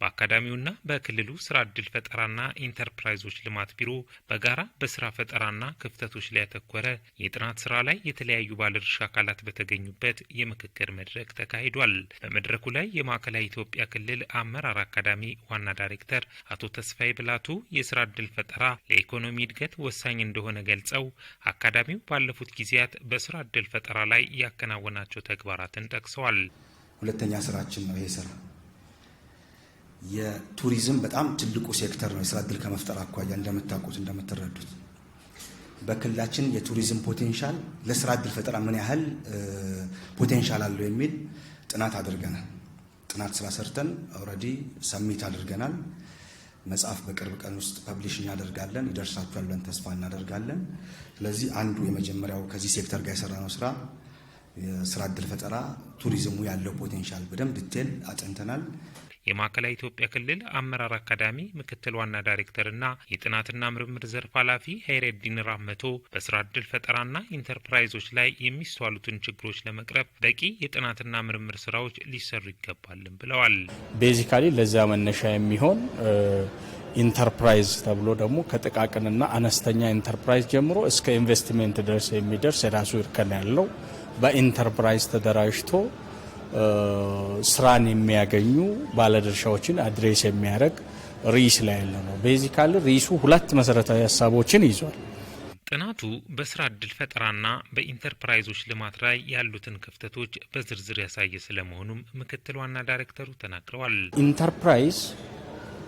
በአካዳሚውና በክልሉ ስራ ዕድል ፈጠራና ኢንተርፕራይዞች ልማት ቢሮ በጋራ በስራ ፈጠራና ክፍተቶች ላይ ያተኮረ የጥናት ስራ ላይ የተለያዩ ባለድርሻ አካላት በተገኙበት የምክክር መድረክ ተካሂዷል። በመድረኩ ላይ የማዕከላዊ ኢትዮጵያ ክልል አመራር አካዳሚ ዋና ዳይሬክተር አቶ ተስፋዬ ብላቱ የስራ ዕድል ፈጠራ ለኢኮኖሚ እድገት ወሳኝ እንደሆነ ገልጸው አካዳሚው ባለፉት ጊዜያት በስራ ዕድል ፈጠራ ላይ ያከናወናቸው ተግባራትን ጠቅሰዋል። ሁለተኛ ስራችን ነው ይሄ ስራ የቱሪዝም በጣም ትልቁ ሴክተር ነው። የስራ እድል ከመፍጠር አኳያ እንደምታውቁት እንደምትረዱት በክልላችን የቱሪዝም ፖቴንሻል ለስራ እድል ፈጠራ ምን ያህል ፖቴንሻል አለው የሚል ጥናት አድርገናል። ጥናት ስራ ሰርተን ኦልሬዲ ሰሚት አድርገናል። መጽሐፍ በቅርብ ቀን ውስጥ ፐብሊሽ እናደርጋለን። ይደርሳችኋል ብለን ተስፋ እናደርጋለን። ስለዚህ አንዱ የመጀመሪያው ከዚህ ሴክተር ጋር የሰራነው ስራ የስራ እድል ፈጠራ ቱሪዝሙ ያለው ፖቴንሻል በደንብ ዲቴል አጥንተናል። የማዕከላዊ ኢትዮጵያ ክልል አመራር አካዳሚ ምክትል ዋና ዳይሬክተርና የጥናትና ምርምር ዘርፍ ኃላፊ ሀይረዲን ራመቶ በስራ እድል ፈጠራና ኢንተርፕራይዞች ላይ የሚስተዋሉትን ችግሮች ለመቅረብ በቂ የጥናትና ምርምር ስራዎች ሊሰሩ ይገባልም ብለዋል። ቤዚካሊ ለዚያ መነሻ የሚሆን ኢንተርፕራይዝ ተብሎ ደግሞ ከጥቃቅንና አነስተኛ ኢንተርፕራይዝ ጀምሮ እስከ ኢንቨስትመንት ድረስ የሚደርስ የራሱ እርከን ያለው በኢንተርፕራይዝ ተደራጅቶ ስራን የሚያገኙ ባለድርሻዎችን አድሬስ የሚያደርግ ርዕስ ላይ ያለ ነው። ቤዚካል ርዕሱ ሁለት መሰረታዊ ሀሳቦችን ይዟል። ጥናቱ በስራ እድል ፈጠራና በኢንተርፕራይዞች ልማት ላይ ያሉትን ክፍተቶች በዝርዝር ያሳየ ስለመሆኑም ምክትል ዋና ዳይሬክተሩ ተናግረዋል። ኢንተርፕራይዝ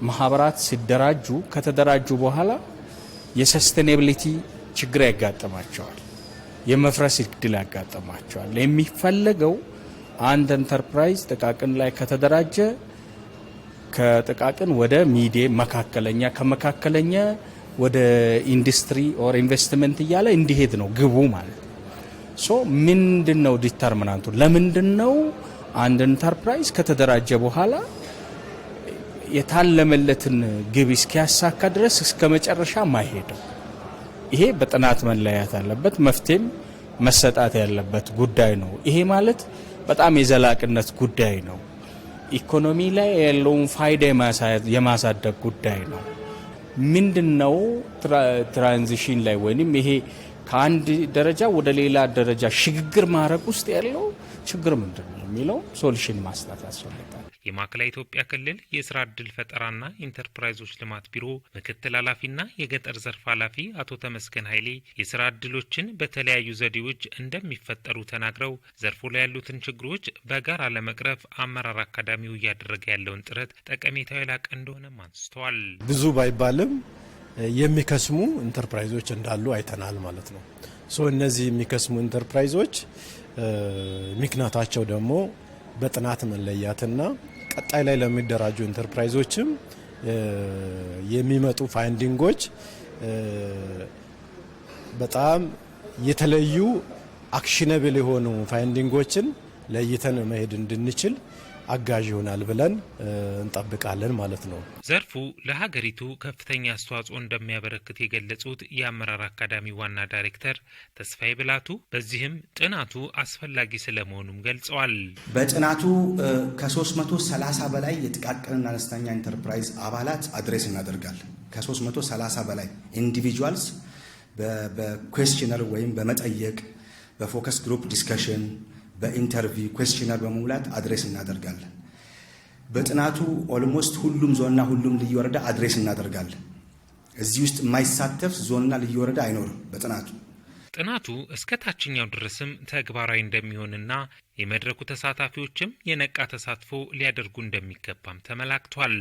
ማህበራት ሲደራጁ ከተደራጁ በኋላ የሰስቴኔብሊቲ ችግር ያጋጥማቸዋል። የመፍረስ እድል ያጋጥማቸዋል። የሚፈለገው አንድ ኢንተርፕራይዝ ጥቃቅን ላይ ከተደራጀ ከጥቃቅን ወደ ሚዲየም መካከለኛ፣ ከመካከለኛ ወደ ኢንዱስትሪ ኦር ኢንቨስትመንት እያለ እንዲሄድ ነው ግቡ ማለት ሶ ምንድን ነው ዲተርሚናንቱ? ለምንድን ነው አንድ ኢንተርፕራይዝ ከተደራጀ በኋላ የታለመለትን ግብ እስኪያሳካ ድረስ እስከ መጨረሻ ማይሄደው? ይሄ በጥናት መለያት አለበት፣ መፍትሄም መሰጣት ያለበት ጉዳይ ነው። ይሄ ማለት በጣም የዘላቅነት ጉዳይ ነው። ኢኮኖሚ ላይ ያለውን ፋይዳ የማሳደግ ጉዳይ ነው። ምንድን ነው ትራንዚሽን ላይ ወይም ይሄ ከአንድ ደረጃ ወደ ሌላ ደረጃ ሽግግር ማድረግ ውስጥ ያለው ችግር ምንድን ነው የሚለው ሶሉሽን ማስጣት ያስፈልጋል። የማዕከላዊ ኢትዮጵያ ክልል የስራ ዕድል ፈጠራና ኢንተርፕራይዞች ልማት ቢሮ ምክትል ኃላፊና የገጠር ዘርፍ ኃላፊ አቶ ተመስገን ኃይሌ የስራ ዕድሎችን በተለያዩ ዘዴዎች እንደሚፈጠሩ ተናግረው ዘርፉ ላይ ያሉትን ችግሮች በጋራ ለመቅረፍ አመራር አካዳሚው እያደረገ ያለውን ጥረት ጠቀሜታው የላቀ እንደሆነም አንስተዋል። ብዙ ባይባልም የሚከስሙ ኢንተርፕራይዞች እንዳሉ አይተናል ማለት ነው። ሶ እነዚህ የሚከስሙ ኢንተርፕራይዞች ምክንያታቸው ደግሞ በጥናት መለያትና ቀጣይ ላይ ለሚደራጁ ኢንተርፕራይዞችም የሚመጡ ፋይንዲንጎች በጣም የተለዩ አክሽነብል የሆኑ ፋይንዲንጎችን ለይተን መሄድ እንድንችል አጋዥ ይሆናል ብለን እንጠብቃለን ማለት ነው። ዘርፉ ለሀገሪቱ ከፍተኛ አስተዋጽኦ እንደሚያበረክት የገለጹት የአመራር አካዳሚ ዋና ዳይሬክተር ተስፋዬ ብላቱ፣ በዚህም ጥናቱ አስፈላጊ ስለመሆኑም ገልጸዋል። በጥናቱ ከ330 በላይ የጥቃቅንና አነስተኛ ኢንተርፕራይዝ አባላት አድሬስ እናደርጋል። ከ330 በላይ ኢንዲቪጁዋልስ በኩዌስችነር ወይም በመጠየቅ በፎከስ ግሩፕ ዲስከሽን በኢንተርቪው ኮስቲነር በመሙላት አድሬስ እናደርጋለን። በጥናቱ ኦልሞስት ሁሉም ዞንና ሁሉም ልዩ ወረዳ አድሬስ እናደርጋለን። እዚህ ውስጥ የማይሳተፍ ዞንና ልዩ ወረዳ አይኖርም። በጥናቱ ጥናቱ እስከ ታችኛው ድረስም ተግባራዊ እንደሚሆንና የመድረኩ ተሳታፊዎችም የነቃ ተሳትፎ ሊያደርጉ እንደሚገባም ተመላክቷል።